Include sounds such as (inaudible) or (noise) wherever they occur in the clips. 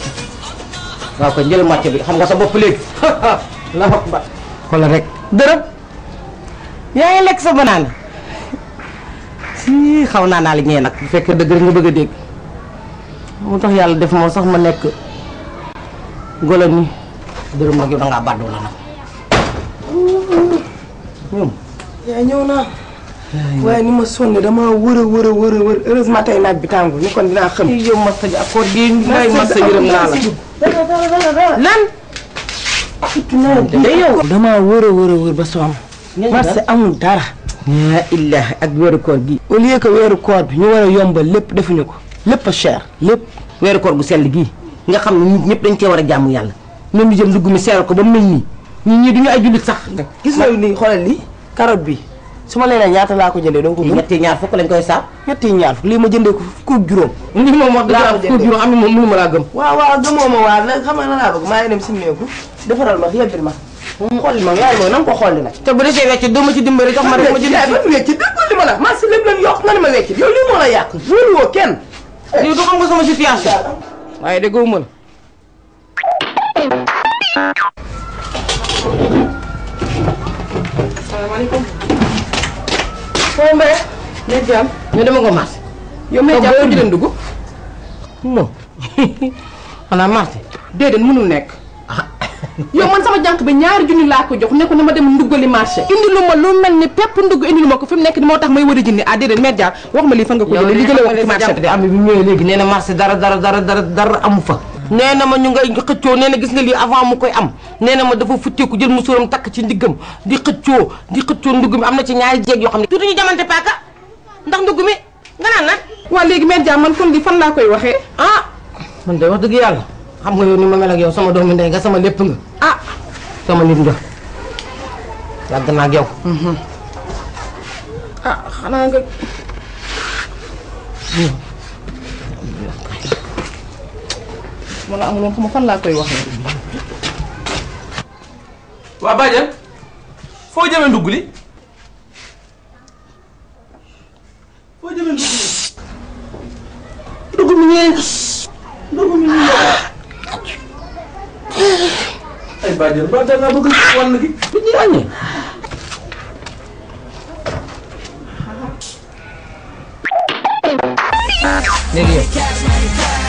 waaw nah, ko njël match bi xam nga sa bopp léegi la (laughs) wax ba xoolal rek dërëm yaa ngi enak, sa banaan si untuk yang naa la ñee nag bu lagi udah nggak nga bëgg a dégg tax yàlla def sax ma ni la ñoom waaye ni ma sonn dama wër a wër a wër a wër heureusement tey xam. yow Massa ji accord gi ngay Massa la. lan. yow. damaa wër a wër a wër ba sonn. marché amul dara. laa illah ak weeru koor gi. au lieu que weeru koor bi ñu war a yombal lépp defuñu ko lépp a cher lépp. weeru koor gu sell gii nga xam ne ñun ñëpp dañ cee war a jaamu yàlla même jëm dugg mi seer ko ba mu mel nii ñun ñii du ñu ay jullit sax. gis nga nii xoolal lii carotte bi. suma leena ñaata la ko jëndee do ko ñetti ñaar fuk lañ koy sa ñetti ñaar fuk li ma jëndee ko fukk juroom ni mo mo laa ko juroom am mo mënuma la gëm waaw waaw gëmoo mo waa la xam na la bëgg ma ñëm dem simmeeku defaral ma yebbil ma xol ma yaay mo nang ko xol nak te bu desee wecc do ma ci dimbali jox ma rek ma jënd ba wecc déggul li ma la ma ci lepp lañ yox nga ma wecc yow li mo la yàq wóolu wo kenn ni eh, do xam nga sama situation waaye de gëw ma la salaamaaleykum fombe ne jam ne dama ko marché yow may jam ko jëlen dugg non (laughs) ana marché deden mënul nek yow man sama jank bi ñaari junni laa ko jox ne ko na ma dem nduggali marché indi lu ma lu mel ni pepp ndugg indi lu ma ko fi mu nekk moo tax may wër a jëndi ah déedéet mère jaar wax ma lii fan nga ko jëlee li jëlee wax ci marché bi am bi ñëwee léegi nee na marché dara dara dara dara dara amu fa nee na ma ñu ngay xëccoo nee na gis nga lii avant mu koy am nee na ma dafa futteeku jël musóoram takk ci ndiggam di xëccoo di xëccoo ndugg mi am na ci ñaari jeeg yoo xam ne tuuti ñu jamante paaka ndax ndugg mi nga naan nag waa léegi mère Dia man kon di fan laa koy waxee ah man day wax dëgg yàlla xam nga yoon ni ma mel ak sama sama mi ndey nga sama lépp nga ah sama nit nga yàgg naa ak mo la amuloon xama fan la koy ya, wax wa bàjjan fo jeme nduguli fo jeme nduguli ndugg li ndugg mi ñëw ndugg mi ñëw ay bàjjan ba dangaa bëgg wàll gi ñi ràññee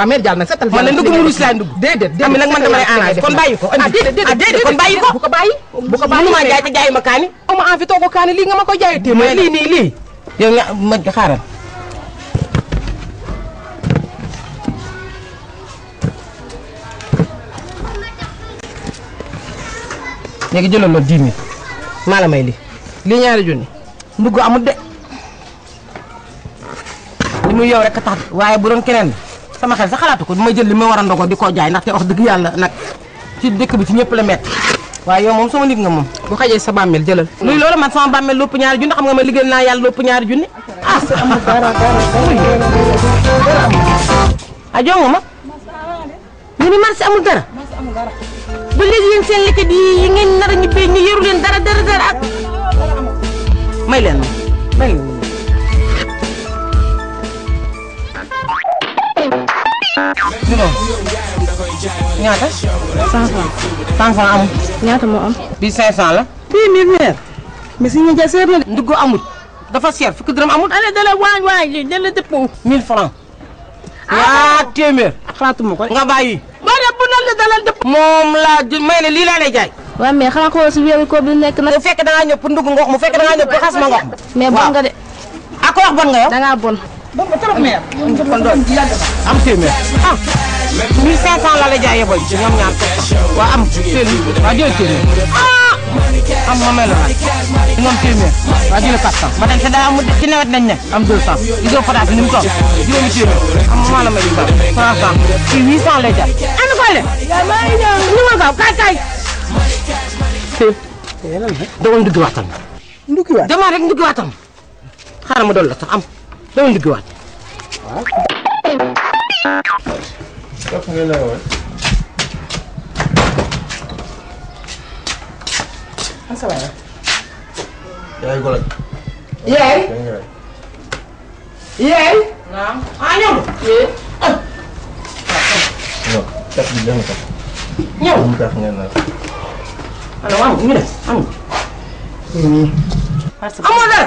waaw mère Dial nag setal man la ndugg mu rus laa ndugg am nag man dama lay arrange kon bàyyi ko oh, ah déedéet kon bàyyi bu ko bàyyi bu ko bàyyi ma jaay te jaayu ma kaani amu envie toog ko kaani lii nga ma jaay te mooy lii nii lii yow nga ma xaaral jëlal may ñaari amul de yow rek tax bu doon keneen sama xel sa xalaatu ko duma jël li ma war a ndogo di ko jaay ndaxte wax dëgg yàlla nag ci dëkk bi ci ñëpp la metti waaye yow moom sama nit nga moom bu xajee sa bàmmeel jëlal luy loolu man sama bàmmeel lopp ñaari junni xam nga ma liggéeyal naa yàlla lopp ñaari junni a ah! ah, jongu ma nga amul dara ba léegi yéen seen lekkat yi ngeen nar a ñibbee ñu yëru dara dara dara may leen ma nyata? ñaata. 100 am? nyata f amul. ñaata moo am. bii 500 la. bii 1000 meer. mais suñu njëg seer na de. ndugg amul dafa seer fukki dërëm amul. ana dala waay waay lii dala dëppoo. 1000F. ah téeméer. xalaatuma ko de. nga bàyyi. boo dee bu nan la dalal dëpp. moom laa di may ne lii laa lay jaay. waaw mais xanaa xool si wéeru koor bi nekk nag. bu fekkee da ngaa ñëw pour aku ngox mu fekkee da ngaa ñëw pour xas ma ngox. mais bon nga de. ak wax bon nga yow. da ngaa bon. bon ba trop meer. am téeméer ah. 1500 la la jaayee boy ñoom ñaar ko waa am téeméer waa jël téeméer ah am ma mel na ñoom téeméer waa jël 400 ba tey te daa amul ci nawet nañ ne am 200 gisoo pataas ni mu toll juróomi téeméer am maa la may 300 ci 800 lay jaay ànd ko le maa ngi ñëw ñu ma gaaw kaay kaay dawal nduggi waxtaan nduggi waat dama rek nduggi waatam xaaral ma doon la sax am dawal nduggi Lọ́kùn mi lẹ́wọ̀ ẹ́. Wọ́n sábà yẹn. Yẹ́ ẹ́ gọ́lẹ̀. Yẹ́ ẹ́. Yẹ́ ẹ́. Naam. Ayọ̀. Yẹ́. Nọ, kẹ́kẹ́ bí lẹ́nu kan. Yẹ́ o. Mo ta fún yẹn náà. Àlọ́ wa ń gbìyànjú. Ọmọ náà.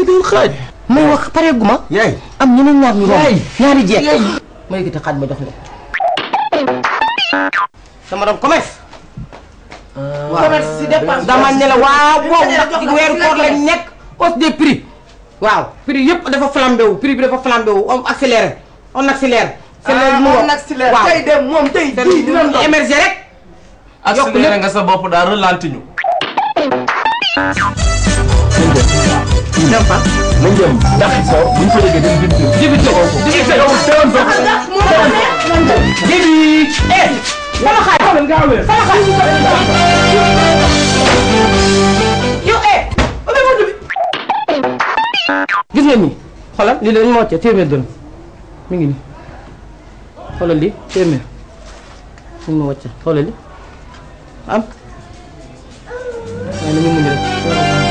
dul xaaj may wax pareeguma yaay am ñeneen ñaar ñu yaay ñaari jeeg yaay may gita xaaj ma la sama commerce commerce si dépense dama ne waaw waaw ndax ci weeru koor lañ nekk hausse des prix waaw prix yëpp dafa flambé wu prix bi dafa flambé wu on accéléré on accélère c'est le mot on accélère tey de moom tey jii dinañ doon émerger rek accéléré nga sa dem fa. nañ dem ndax soo buñ ko déggee dem jëm jëm. jibi tëgoo ko jibi tëgoo ko teewoon fa. jibi. eh sama xarit sama xarit. yow eh. gis nga nii xoolal lii dañ ma wàccee téeméer dërëm mi ngi nii xoolal lii téeméer mi ma wàccee xoolal lii am waaye nañu muñ rek